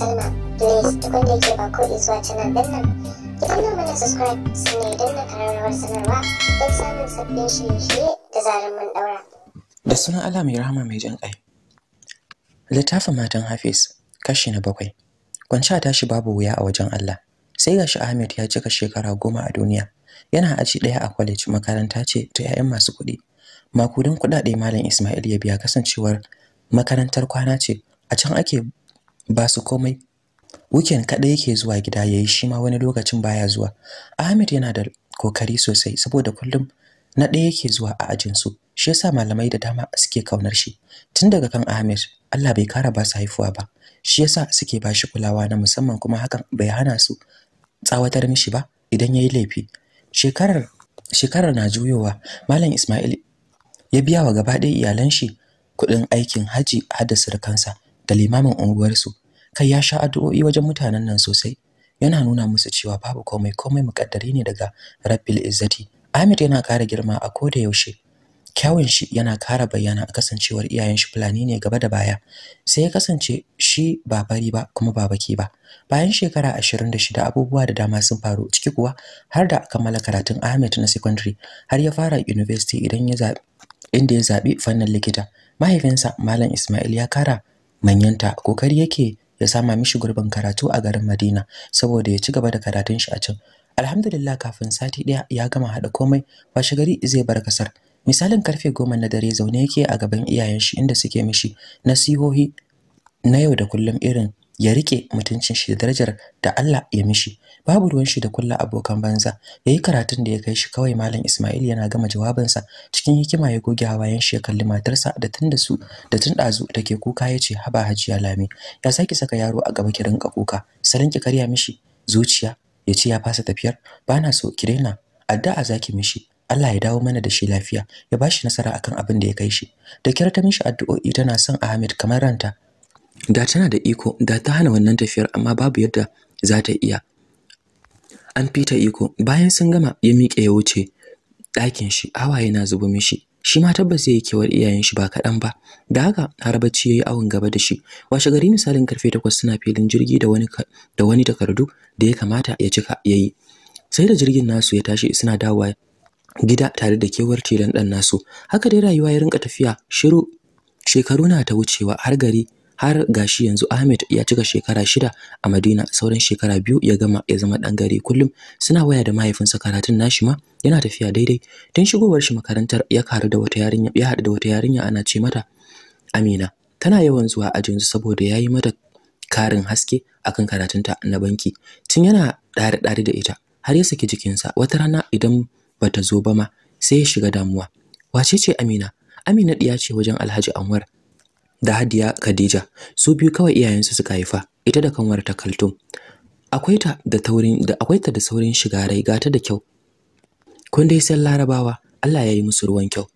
ba zuwa subscribe sanarwa don samun sabbin da sunan Allah mai rahama mai jin ƙai littafin matan hafiz kashi na bakwai kwanci a tashi babu wuya a wajen Allah sai gashi Ahmed ya cika shekara goma a duniya yana aji daya a college makaranta ce ta 'ya'yan masu kuɗi makudin kuɗaɗe malam Ismail ya biya kasancewar makarantar kwana ce a can ake ba su komai weekend kaɗai yake zuwa gida yayi shi ma wani lokacin baya zuwa Ahmed yana da kokari sosai saboda kullum na ɗaya yake zuwa a ajin su shi yasa malamai da dama suke kaunar shi tun daga kan Ahmed Allah bai kara ba su haifuwa ba shi yasa suke ba shi kulawa na musamman kuma hakan bai hana su tsawatar mishi ba idan yayi laifi shekarar shekarar na juyowa malam Ismail ya biya wa gaba ɗaya iyalan shi kuɗin aikin haji har da kansa. da limamin unguwarsu kai ya sha addu'o'i wajen mutanen nan sosai yana nuna musu cewa babu komai komai mukaddari ne daga Rabbil Izzati Ahmed yana kara girma a koda yaushe kyawun shi yana kara bayyana a kasancewar iyayen shi fulani ne gaba da baya sai ya kasance shi ba fari ba kuma ba baki ba bayan shekara ashirin da shida, abubuwa da dama sun faru ciki kuwa har da kammala karatun Ahmed na secondary har ya fara university idan ya zabi inda ya zaɓi fannin likita mahaifinsa Malam Ismail ya kara manyanta kokari yake ya sama mishi gurbin karatu a garin Madina saboda ya ci gaba da karatun shi a can alhamdulillah kafin sati daya ya gama hada komai washe gari zai bar kasar misalin karfe goma na dare zaune yake a gaban iyayen shi inda suke mishi nasihohi na yau da kullum irin ya rike mutuncin shi da darajar da Allah ya mishi babu ruwan shi da kullu abokan banza yayi karatun da ya kai shi kawai malam Ismail yana gama jawabin sa cikin hikima ya goge hawayen shi ya kalli matarsa da tun su da tun dazu take kuka yace haba hajiya lami ya saki saka yaro a gaba ki rinka kuka salon ki karya mishi zuciya yace ya fasa tafiyar bana so ki daina addu'a zaki mishi Allah ya dawo mana da shi lafiya ya bashi nasara akan abin da ya kai shi da kyar ta mishi addu'o'i tana son Ahmed kamar ranta da tana da iko da ta hana wannan tafiyar amma babu yadda za ta iya an fita iko bayan sun gama ya miƙe ya wuce ɗakin shi hawaye na zubo mishi shi ma tabbas zai yi kewar iyayen shi ba kaɗan ba da haka har bacci ya yi awon gaba da shi washe gari misalin karfe takwas suna filin jirgi da wani da wani takardu da ya kamata ya cika ya yi sai da jirgin nasu ya tashi suna dawowa gida tare da kewar tilan ɗan nasu haka dai rayuwa ya rinka tafiya shiru shekaru na ta wucewa har gari har gashi yanzu Ahmed ya cika shekara shida a Madina sauran shekara biyu ya gama ya zama dan gari kullum suna waya da mahaifinsa karatun nashi ma yana tafiya daidai tun shigowar shi makarantar ya karu da wata yarinya ya haɗu da wata yarinya ana ce mata Amina tana yawan zuwa ajinsu saboda yayi mata karin haske akan karatunta na banki tun yana dare dare da ita har ya saki jikinsa wata rana idan bata zo ba ma sai ya shiga damuwa wace ce Amina Amina diya ce wajen Alhaji Anwar da Hadiya Khadija su biyu kawai iyayensu suka haifa ita da kanwar ta Kaltum akwai ta da taurin da akwai ta da saurin shiga rai gata da kyau kun dai san Larabawa Allah ya yi musu ruwan kyau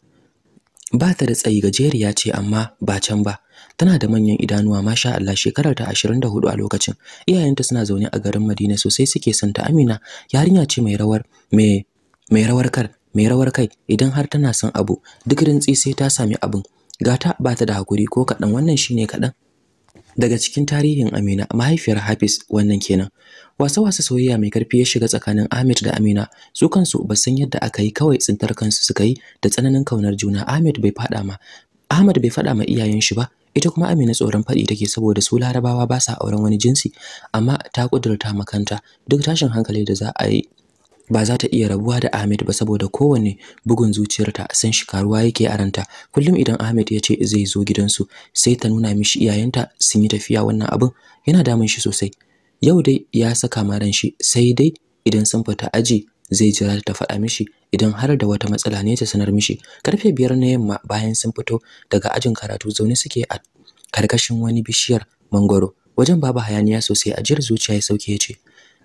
ba ta da tsayi gajeriya ce amma ba can ba tana da manyan idanuwa masha Allah shekarar ta 24 a lokacin iyayenta suna zaune a garin Madina sosai suke son ta Amina yarinya ce mai rawar mai mai rawar kar mai rawar kai idan har tana son abu duk rintsi sai ta sami abin gata ba ta da hakuri ko kaɗan wannan shine kaɗan daga cikin tarihin Amina mahaifiyar Hafiz wannan kenan wasa wasa soyayya mai karfi ya shiga tsakanin Ahmed da Amina su kansu ba san yadda aka yi kawai tsintar kansu suka yi da tsananin kaunar juna Ahmed bai faɗa ma Ahmed bai faɗa ma iyayen shi ba ita kuma Amina tsoron faɗi take saboda su Larabawa ba sa auren wani jinsi amma ta kudurta makanta duk tashin hankali da za a yi ba za ta iya rabuwa da Ahmed ba saboda kowane bugun zuciyarta san shi karuwa yake a ranta kullum idan Ahmed ya ce zai zo gidansu sai ta nuna mishi iyayenta sun yi tafiya wannan abun yana damun shi sosai yau dai ya saka ma ran shi sai dai idan sun fita aji zai jira ta faɗa mishi idan har da wata matsala ne ta sanar mishi karfe biyar na yamma bayan sun fito daga ajin karatu zaune suke a karkashin wani bishiyar mangoro wajen babu hayaniya sosai ajiyar zuciya ya sauke ya ce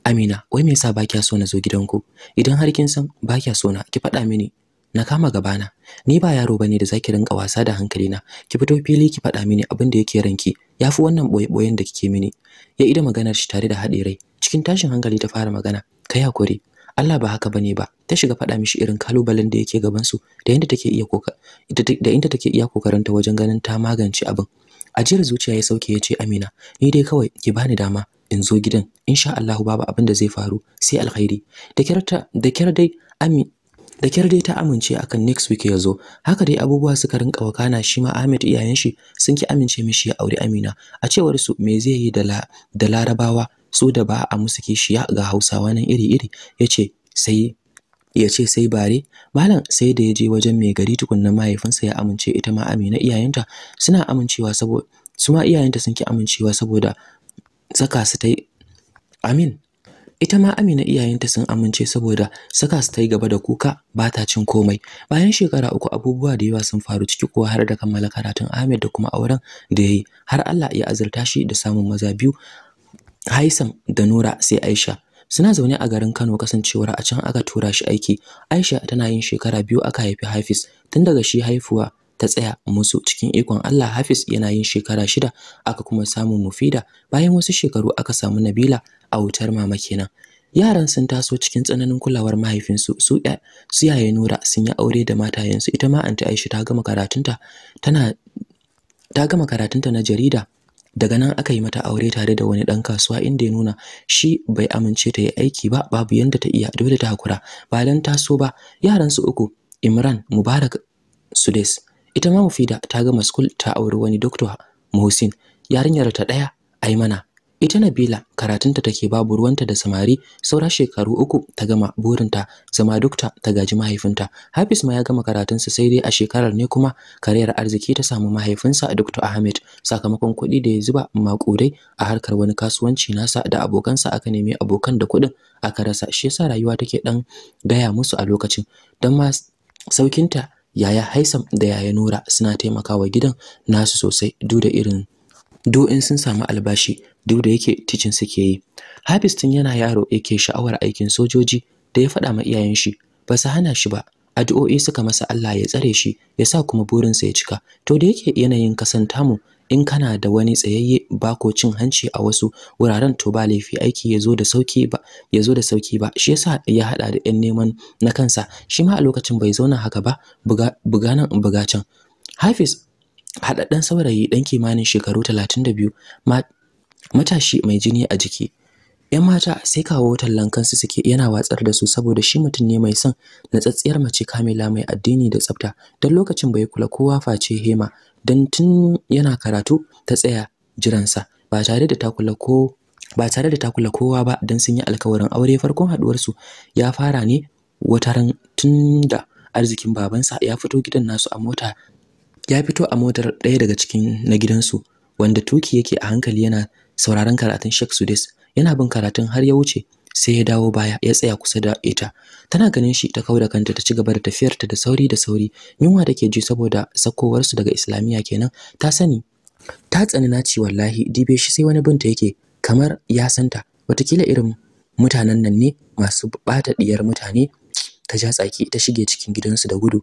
Amina, wai me yasa ba kya so na zo gidanku? Idan har kin san ba kya so na, ki faɗa mini. Na kama gabana. Ni ba yaro bane da zaki rinka wasa da hankalina. Ki fito fili ki faɗa mini abin da yake ranki. Yafi wannan boye-boyen da kike mini. Ya ida maganar shi tare da haɗe rai. Cikin tashin hankali ta fara magana. Kai hakuri. Allah ba haka bane ba. Ta shiga faɗa mishi irin kalubalen da yake gaban su da yadda take iya koka da inda take iya kokarinta wajen ganin ta magance abin. ajiyar zuciya ya sauke ya ce Amina ni dai kawai ki bani dama in zo gidan insha Allah babu abin da zai faru sai alkhairi da kyar da kyar dai Ami da kyar dai ta amince akan next week ya zo haka dai abubuwa suka rinka wakana shi ma Ahmed iyayen shi sun ki amince mishi ya aure Amina a cewar su me zai yi da da Larabawa su da ba a musu kishiya ga Hausawa nan iri-iri yace sai ya ce sai bare malam sai da ya je wajen mai gari tukunna mahaifinsa ya amince ita ma Amina iyayenta suna amincewa saboda su ma iyayenta sun ki amincewa saboda saka su ta Amin ita ma Amina iyayenta sun amince saboda saka su tai gaba da kuka ba ta cin komai bayan shekara uku abubuwa da yawa sun faru ciki kuwa har da kammala karatun Ahmed da kuma auren da yayi har Allah ya azurta shi da samun maza biyu Haisam da Nura sai Aisha Suna zaune a garin Kano kasancewar a can aka tura shi aiki. Aisha tana yin shekara biyu aka haifi Hafiz tun daga shi haifuwa ta tsaya musu cikin ikon Allah Hafiz yana yin shekara shida aka kuma samu Mufida bayan wasu shekaru aka samu Nabila a wutar mama kenan. Yaran sun taso cikin tsananin kulawar mahaifinsu su su yaye Nura sun yi aure da matayensu ita ma anti Aisha ta gama karatunta tana ta gama karatunta na jarida daga nan aka yi mata aure tare da wani dan kasuwa inda ya nuna shi bai amince ta yi aiki ba babu yanda ta iya dole ta hakura ba dan taso ba yaran su uku Imran Mubarak Sudes ita ma Mufida ta gama school ta auri wani doctor Muhsin yarinyar ta daya Aimana ita Nabila karatunta take babu ruwanta da samari saura shekaru uku ta gama burinta zama dukta ta gaji mahaifinta Hafiz ma ya gama karatun karatunsa sai dai a shekarar ne kuma kariyar arziki ta samu mahaifinsa Dr. Ahmed sakamakon kuɗi da ya zuba maƙudai a harkar wani kasuwanci nasa da abokansa aka nemi abokan da kuɗin aka rasa shi yasa rayuwa take dan gaya musu a lokacin dan ma saukinta yaya Haisam da yaya Nura suna taimakawa gidan nasu sosai duk da irin do in sun samu albashi duk da yake ticin suke yi Hafiz tun yana yaro yake sha'awar aikin sojoji da ya faɗa ma iyayen shi ba su hana shi ba addu'o'i suka masa Allah ya tsare shi ya sa kuma burin sa ya cika to da yake yanayin kasan tamu in kana da wani tsayayye ba ko cin hanci a wasu wuraren to ba laifi aiki ya zo da sauki ba ya zo da sauki ba shi yasa ya haɗa da yan neman na kansa shi ma a lokacin bai zauna haka ba buga buga nan buga can Hafiz haɗaɗɗen saurayi ɗan kimanin shekaru 32 matashi mai jini a jiki yan mata sai kawo tallan kansu suke yana watsar da su saboda shi mutum ne mai son natsatsiyar mace kamila mai addini da tsafta don lokacin bai kula kowa face hema don tun yana karatu ta tsaya jiransa ba tare da ta kula ko ba tare da ta kowa ba don sun yi alkawarin aure farkon haduwarsu ya fara ne wataran tun da arzikin babansa ya fito gidan nasu a mota ya fito a motar ɗaya daga cikin na gidansu wanda tuki yake a hankali yana sauraron karatun Sheikh Sudes yana bin karatun har ya wuce sai ya dawo baya ya tsaya kusa da ita tana ganin shi ta kauda kanta ta ci gaba da tafiyarta da sauri da sauri yunwa dake ji saboda su daga islamiya kenan ta sani ta tsani na ci wallahi dibe shi sai wani binta yake kamar ya santa watakila irin mutanen nan ne masu bata diyar mutane ta ja tsaki ta shige cikin gidansu da gudu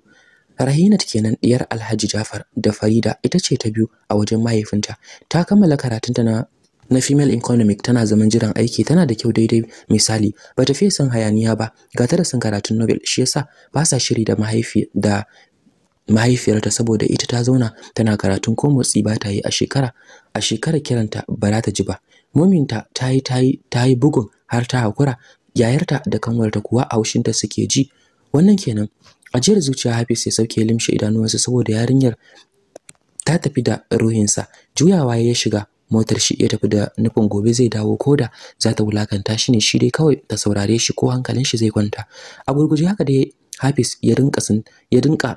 Rahinat kenan diyar Alhaji Jafar da Farida ita ce ta biyu a wajen mahaifinta ta kammala karatunta na na female economic tana zaman jiran aiki tana da kyau daidai misali ba ta fiye son hayaniya ba ga ta da sun karatun Nobel shi yasa ba sa shiri da mahaifi da mahaifiyarta saboda ita ta zauna tana karatun ko motsi ba ta yi a shekara a shekara kiranta ba za ta ji ba muminta ta yi ta yi ta yi bugun har ta hakura yayarta da kanwarta kuwa a haushinta suke ji wannan kenan ajiyar zuciya hafiz ya sauke limshe idanuwansa saboda yarinyar ta tafi da ruhinsa juyawa ya shiga motar shi ya tafi da nufin gobe zai dawo koda za ta wulakanta shi ne shi dai kawai ta saurare shi ko hankalin shi zai kwanta a gurguje haka dai Hafiz ya rinka sun ya rinka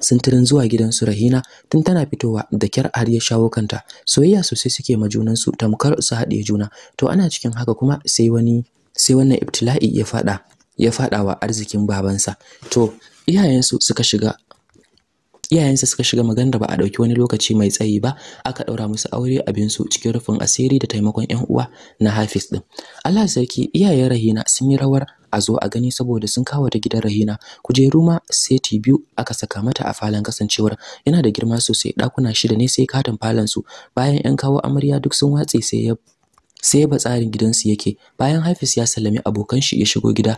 sintirin zuwa gidan su Rahina tun tana fitowa da kyar har ya shawo kanta soyayya sosai suke ma junan su tamkar su haɗe juna to ana cikin haka kuma sai wani sai wannan ibtila'i ya fada ya fada wa arzikin babansa to iyayensu suka shiga iyayensa suka shiga magana da ba a ɗauki wani lokaci mai tsayi ba aka ɗaura musu aure abin su cikin rufin asiri da taimakon 'yan uwa na hafiz ɗin allah sarki iyayen rahina sun yi rawar a zo a gani saboda sun kawo ta gidan rahina kujeru ma seti biyu aka saka mata a falon kasancewar yana da girma sosai Dakuna shida ne sai katon falon su bayan 'yan kawo amarya duk sun watse sai ya sai ba tsarin gidansu yake bayan Hafiz ya sallami abokan shi ya shigo gida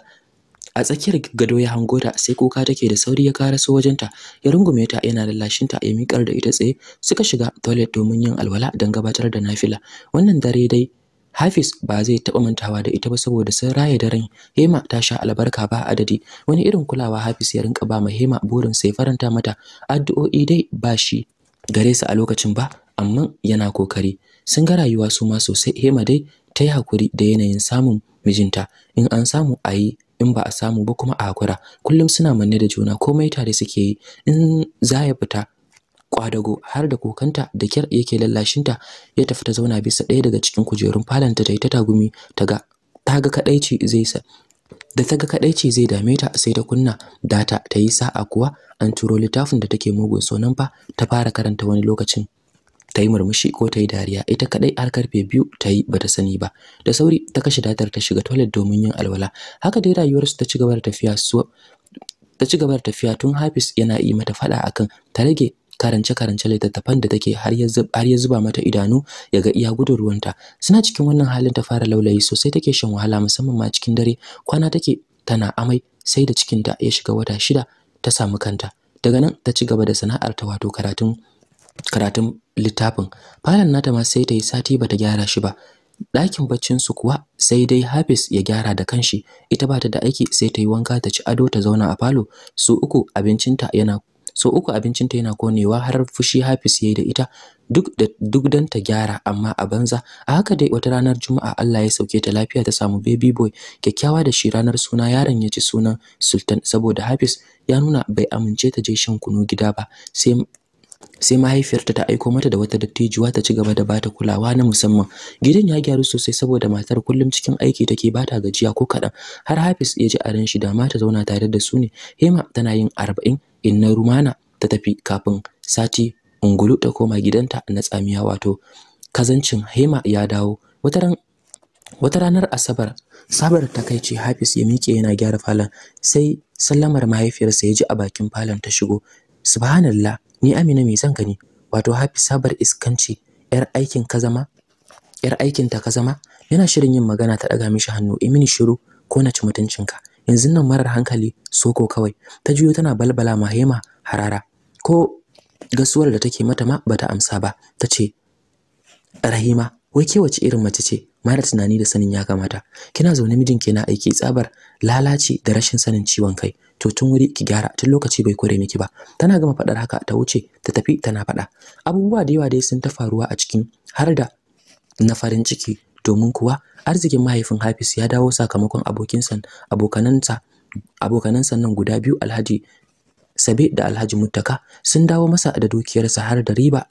a tsakiyar gado ya hango ta sai kuka take da sauri ya karaso wajenta ya rungume ta yana lallashin ta ya mikar da ita tsaye suka shiga toilet domin yin alwala don gabatar da nafila wannan dare dai Hafiz ba zai taɓa mantawa da ita ba saboda sun raya daren Hema ta sha albarka ba adadi wani irin kulawa Hafiz ya rinka ba ma Hema burin sai faranta mata addu'o'i dai ba shi gare su a lokacin ba amma yana kokari sun ga rayuwa su ma sosai Hema dai ta yi hakuri da yanayin samun mijinta in an samu a yi in ba a samu ba kuma a hakura kullum suna manne da juna komai tare suke yi in za ya fita kwadago har da kokanta da kyar yake lallashinta ya tafi ta zauna bisa ɗaya daga cikin kujerun falanta ta yi ta tagumi ta ga ta ga kadaici zai sa da ta ga kadaici zai dame ta sai ta kunna data ta yi sa'a kuwa an turo littafin da take mugun sonan fa ta fara karanta wani lokacin ta yi murmushi ko ta yi dariya ita kadai har karfe biyu ta yi bata sani ba da sauri ta kashe datar ta shiga toilet domin yin alwala haka dai rayuwarsu ta ci gaba da tafiya su ta ci gaba da tafiya tun hafis yana yi mata fada akan ta rage karance-karance littattafan da take har ya zuba mata idanu ya ga iya gudun ruwanta suna cikin wannan halin ta fara laulayi sosai take shan wahala musamman ma cikin dare kwana take tana amai sai da cikinta ya shiga wata shida ta samu kanta daga nan ta ci gaba da sana'ar ta wato karatun karatun littafin falon nata ma sai ta yi sati bata gyara shi ba ɗakin baccin su kuwa sai dai Hafis ya gyara da kanshi ita ba ta da aiki sai ta yi wanka ta ci ado ta zauna a falo su uku abincinta yana so uku abincinta yana konewa har fushi Hafiz yayi da ita duk da duk dan ta gyara amma a banza a haka dai wata ranar Juma'a Allah ya sauke ta lafiya ta samu baby boy kyakkyawa da shi ranar suna yaron ya ci sunan Sultan saboda Hafis ya nuna bai amince ta je shan kunu gida ba sai sai mahaifiyarta ta aiko mata da wata dattijuwa ta ci gaba da bata kulawa na musamman gidan ya gyaru sosai saboda matar kullum cikin aiki take bata gajiya ko kaɗan har hafiz ya ji a ran shi da mata zauna tare da su ne hema tana yin arba'in inna rumana ta tafi kafin sati ungulu ta koma gidanta na tsamiya wato kazancin hema ya dawo wata ranar asabar sabar ta kai ce hafiz ya miƙe yana gyara falon sai sallamar mahaifiyarsa ya ji a bakin falon ta shigo subhanallah ni Amina mai zan ne. wato Hafi sabar iskanci yar aikin ka zama yar aikin ta ka zama yana shirin yin magana ta daga mishi hannu imini shiru ko na ci ka yanzu nan marar hankali soko kawai ta jiyo tana balbala mahema harara ko gasuwar da take mata ma bata amsa ba tace Rahima wai ke wace irin mace ce mara tunani da sanin ya kamata kina zaune mijinki na aiki tsabar lalaci da rashin sanin ciwon kai to tun wuri ki gyara tun lokaci bai kore miki ba tana gama faɗar haka ta wuce ta tafi tana faɗa abubuwa da yawa dai sun ta faruwa a cikin har da na farin ciki domin kuwa arzikin mahaifin Hafiz ya dawo sakamakon abokinsa abokanansa abokanansa nan guda biyu Alhaji Sabe da Alhaji Muttaka sun dawo masa da dukiyarsa har da riba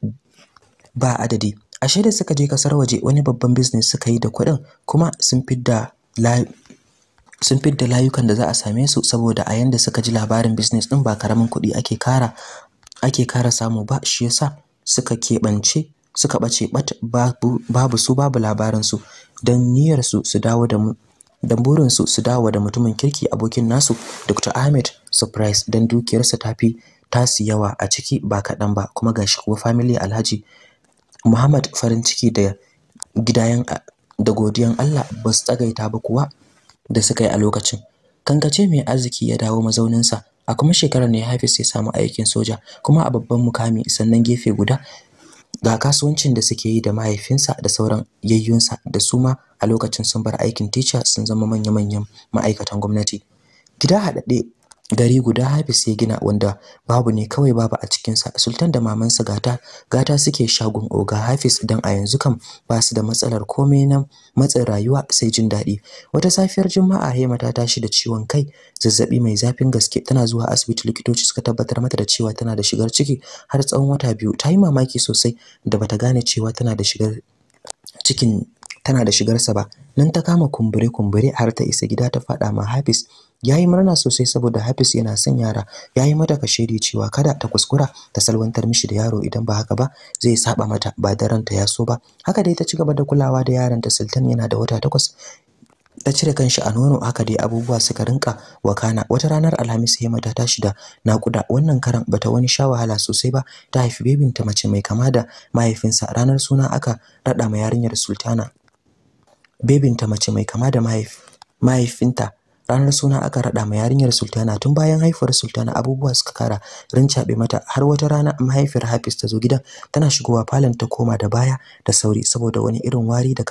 ba adadi ashe da suka je kasar waje wani babban business suka yi da kuɗin kuma sun fidda sun fidda layukan da za a same su saboda a yanda suka ji labarin business din ba karamin kuɗi ake kara ake kara samu ba shi yasa suka keɓance suka ɓace babu su babu labarin su don niyyar su su dawo da mu dan burin su su dawo da mutumin kirki abokin nasu Dr. Ahmed Surprise don dukiyarsa ta fi tasi yawa a ciki ba kaɗan ba kuma gashi kuwa family Alhaji Muhammad farin ciki da gidayen da godiyan Allah ba su tsagaita ba kuwa da suka yi a lokacin. Kankace mai arziki ya dawo mazauninsa a kuma shekarar ne Hafiz ya samu aikin soja kuma a babban mukami sannan gefe guda ga kasuwancin da suke yi da mahaifinsa da sauran yayyunsa da su ma a lokacin sun bar aikin teacher sun zama manya-manyan ma'aikatan gwamnati. Gida haɗaɗɗe gari guda Hafiz ya gina wanda babu ne kawai babu a cikinsa sultan da mamansa gata gata suke shagon oga Hafis, dan a yanzu kam ba su da matsalar komai na matsin rayuwa sai jin daɗi wata safiyar juma'a Hema ta tashi da ciwon kai zazzabi mai zafin gaske tana zuwa asibiti likitoci suka tabbatar mata da cewa tana da shigar ciki har tsawon wata biyu ta yi mamaki sosai da bata gane cewa tana da shigar cikin tana da shigarsa ba nan ta kama kumbure kumbure har ta isa gida ta faɗa ma Hafiz yayi murna sosai saboda Hafiz yana son yara yayi mata kashedi cewa kada ta kuskura ta salwantar mishi da yaro idan ba haka ba zai saba mata ba daren ta yaso ba haka dai ta ci gaba da kulawa da yaran ta Sultan yana da wata takwas ta cire kanshi a nono haka dai abubuwa suka rinka wakana wata ranar alhamis ya mata tashi da nakuda wannan karan bata wani sha wahala sosai ba ta haifi bebin ta mace mai kama da mahaifinsa ranar suna aka rada ma yarinyar sultana bebinta mace mai kama da mahaifinta ranar suna aka raɗa ma yarinyar sultana tun bayan haifuwar sultana abubuwa suka kara rincaɓe mata har wata rana mahaifiyar hafiz ta zo gidan tana shigowa falon ta koma da baya da sauri saboda wani irin wari da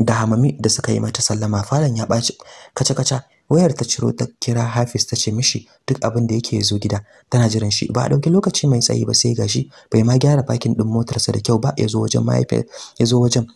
da hamami da suka yi mata sallama falon ya ɓaci kaca-kaca wayar ta ciro ta kira Hafiz ta ce mishi duk abin da yake zo gida tana jiran shi ba a dauki lokaci mai tsayi ba sai gashi bai ma gyara parking ɗin motarsa da kyau ba ya wajen mahaifiyar ya zo wajen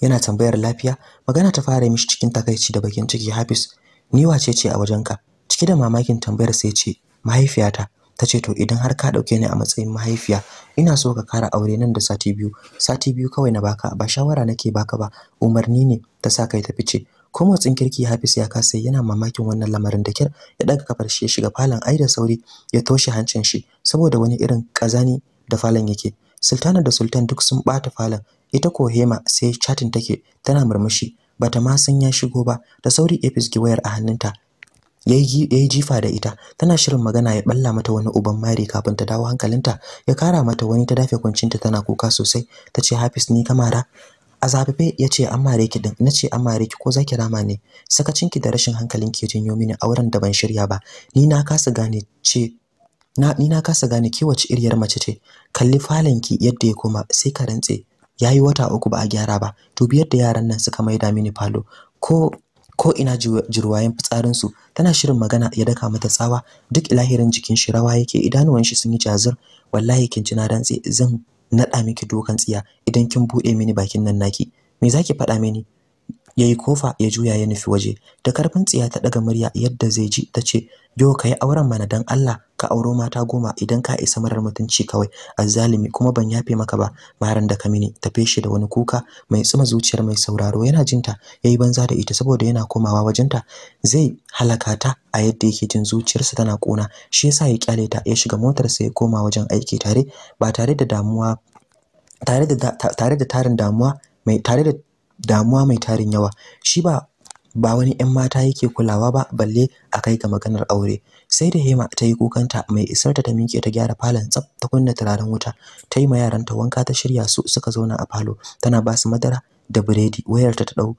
yana tambayar lafiya magana ta fara mishi cikin takaici da bakin ciki Hafis. ni wace ce a wajenka ciki da mamakin tambayar sai ce mahaifiyata ta ce to idan har ka dauke ni a matsayin mahaifiya ina so ka kara aure nan da sati biyu sati biyu kawai na baka ba shawara nake baka ba umarni ne ta sa kai ta fice ko motsin kirki Hafis ya kasa yana mamakin wannan lamarin da kyar ya daga kafar shi ya shiga falon ai da sauri ya toshe hancin shi saboda wani irin kazani da falon yake sultana da sultan duk sun bata falon ita ko Hema sai chatin take tana murmushi bata ma san ya shigo ba da sauri ya fisgi wayar a hannunta yayi jifa da ita tana shirin magana ya balla mata wani uban mari kafin ta dawo hankalinta ya kara mata wani ta dafe kuncinta tana kuka sosai tace hafis ni kamara azabife yace an mare ki din nace an mare ki ko zaki rama ne sakacinki da rashin hankalin hankalinki ya janyo mini auren da ban shirya ba ni na kasa gane ce na ni na kasa gane ki wace iriyar mace ce kalli falanki yadda ya koma sai ka rantse yayi wata uku ba a gyara ba to biyar da yaran nan suka maida mini falo ko ko ina jirwayen fitsarin su tana shirin magana ya daka mata tsawa duk ilahirin jikin shi rawa yake idanuwan shi sun yi jazir wallahi kin jina dan rantse zan nada miki dokan tsiya idan kin bude mini bakin nan naki me zaki faɗa mini yayi kofa ya juya ya nufi waje da karfin tsiya ta daga murya yadda zai ji ta ce. yo yi auren mana dan Allah ka auro mata goma idan ka isa marar mutunci kawai azzalimi kuma ban yafe maka ba maran da ka mini tafe shi da wani kuka mai tsuma zuciyar mai sauraro yana jinta yayi banza da ita saboda yana komawa wajenta zai halaka ta a yadda yake jin zuciyarsa tana kona shi yasa ya kyale ta ya shiga motarsa ya koma wajen aiki tare ba tare da damuwa tare da tare da tarin damuwa mai tare da damuwa mai tarin yawa shi ba ba wani 'yan mata yake kulawa ba balle a kai ga maganar aure sai da hema ta yi kukanta mai isar ta ta miƙe ta gyara falon tsaf ta kunna turaren wuta ta yi ma yaranta wanka ta shirya su suka zauna a falo tana ba su madara da biredi wayarta ta ɗau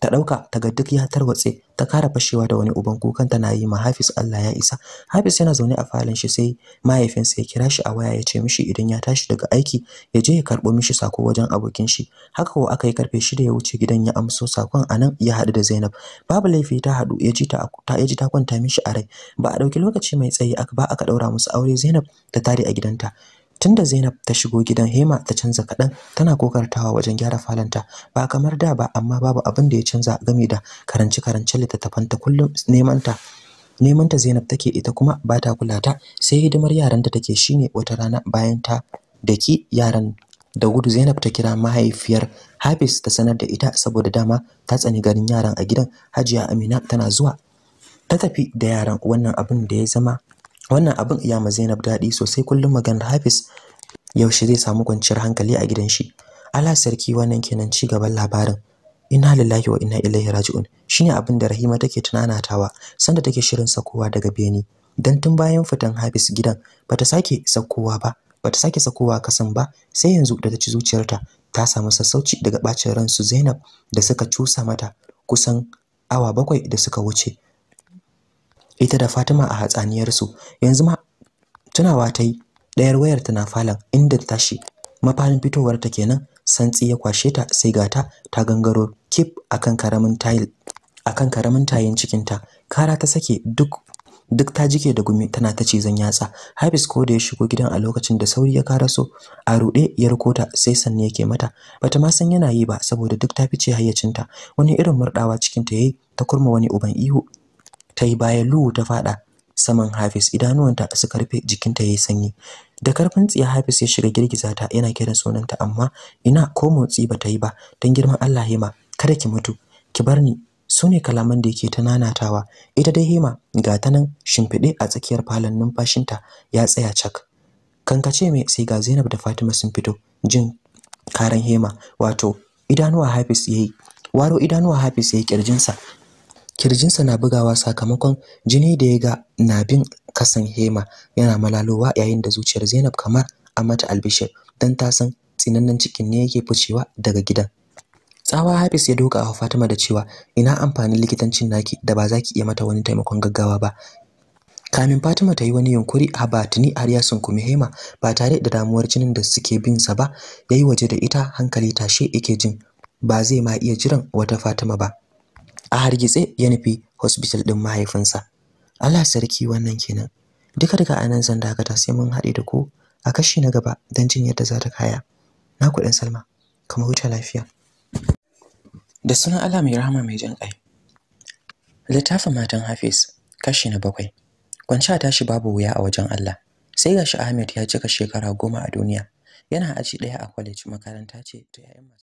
ta dauka ta ga duk ya tarwatse ta kara fashewa da wani uban kukan tana yi ma Hafiz Allah ya isa Hafiz yana zaune a falon shi sai mahaifinsa ya kira shi a waya ya ce mishi idan ya tashi daga aiki ya je ya karbo mishi sako wajen abokin shi haka ko aka yi karfe da ya wuce gidan ya amso sakon anan ya haɗu da Zainab babu laifi ta haɗu ya ji ta ya ji ta kwanta mishi a rai ba a dauki lokaci mai tsayi aka ba aka daura musu aure Zainab ta tare a gidanta tunda Zainab ta shigo gidan Hema ta canza kaɗan tana kokartawa wajen gyara falanta ba kamar da ba amma babu abin da ya canza game da karanci karanci littattafan ta kullum neman ta neman ta Zainab take ita kuma ba ta kula ta sai hidimar yaran da take shine wata rana bayan ta daki yaran da gudu Zainab ta kira mahaifiyar Hafiz ta sanar da ita saboda dama ta tsani garin yaran a gidan Hajiya Amina tana zuwa ta tafi da yaran wannan abin da ya zama wannan abin iya ma Zainab daɗi sosai kullum maganar Hafiz yaushe zai samu kwanciyar hankali a gidan shi Allah sarki wannan kenan ci gaban labarin inna lillahi wa inna ilaihi raji'un shine abin da Rahima take tunanatawa sanda take shirin sakowa daga Beni dan tun bayan fitan Hafiz gidan bata sake sakowa ba bata sake sakowa kasan ba sai yanzu da ta ci zuciyarta ta samu sassauci daga bacin ransu Zainab da suka cusa mata kusan awa bakwai da suka wuce ita da Fatima a hatsaniyarsu yanzu ma tunawa ta yi ɗayar wayar tana falon inda ta tashi mafarin fitowar ta kenan santsi ya kwashe ta sai gata ta gangaro kip akan karamin tile akan karamin tayin cikin ta kara ta sake duk duk ta jike da gumi tana ta cizon yatsa Habis ko da ya shigo gidan a lokacin da sauri ya karaso a ruɗe ya rukota sai sanne yake mata bata ma san yana yi ba saboda duk ta fice hayyacinta wani irin murɗawa cikin ta yayi ta kurma wani uban ihu ta yi baya luwu ta faɗa saman Hafiz idanuwanta su karfe jikinta yayi sanyi da karfin tsiya Hafiz ya shiga girgiza ta yana kiran sunanta amma ina ko motsi ba ta yi ba dan girman Allah Hima kada ki mutu ki bar ni sune kalaman da yake ta nanatawa ita dai Hima ga ta nan shimfide a tsakiyar falon numfashinta ya tsaya cak kankace me sai ga Zainab da Fatima sun fito jin karan Hima wato idanuwa Hafiz yayi waro idanuwa Hafiz yayi kirjinsa kirjinsa na bugawa sakamakon jini da ya ga na bin kasan hema yana malalowa yayin da zuciyar Zainab kamar a mata albishir dan ta san tsinannan cikin ne yake ficewa daga gidan tsawa Hafiz ya doka a Fatima da cewa ina amfanin likitancin naki da ba za ki iya mata wani taimakon gaggawa ba kamin Fatima ta yi wani yunkuri a batini har ya sunkumi hema ba tare da damuwar jinin da suke bin sa ba ya yi waje da ita hankali tashe yake jin ba zai ma iya jiran wata Fatima ba a hargitse ya nufi hospital ɗin mahaifinsa Allah sarki wannan kenan duka daga anan zan dakata sai mun haɗe da ku a kashi na gaba don jin yadda za ta kaya na kuɗin salma kamar wuce lafiya da sunan Allah mai rahama mai jin ƙai littafin matan hafiz kashi na bakwai a tashi babu wuya a wajen Allah sai gashi Ahmed ya cika shekara goma a duniya yana aji ɗaya a college makaranta ce ta 'ya'yan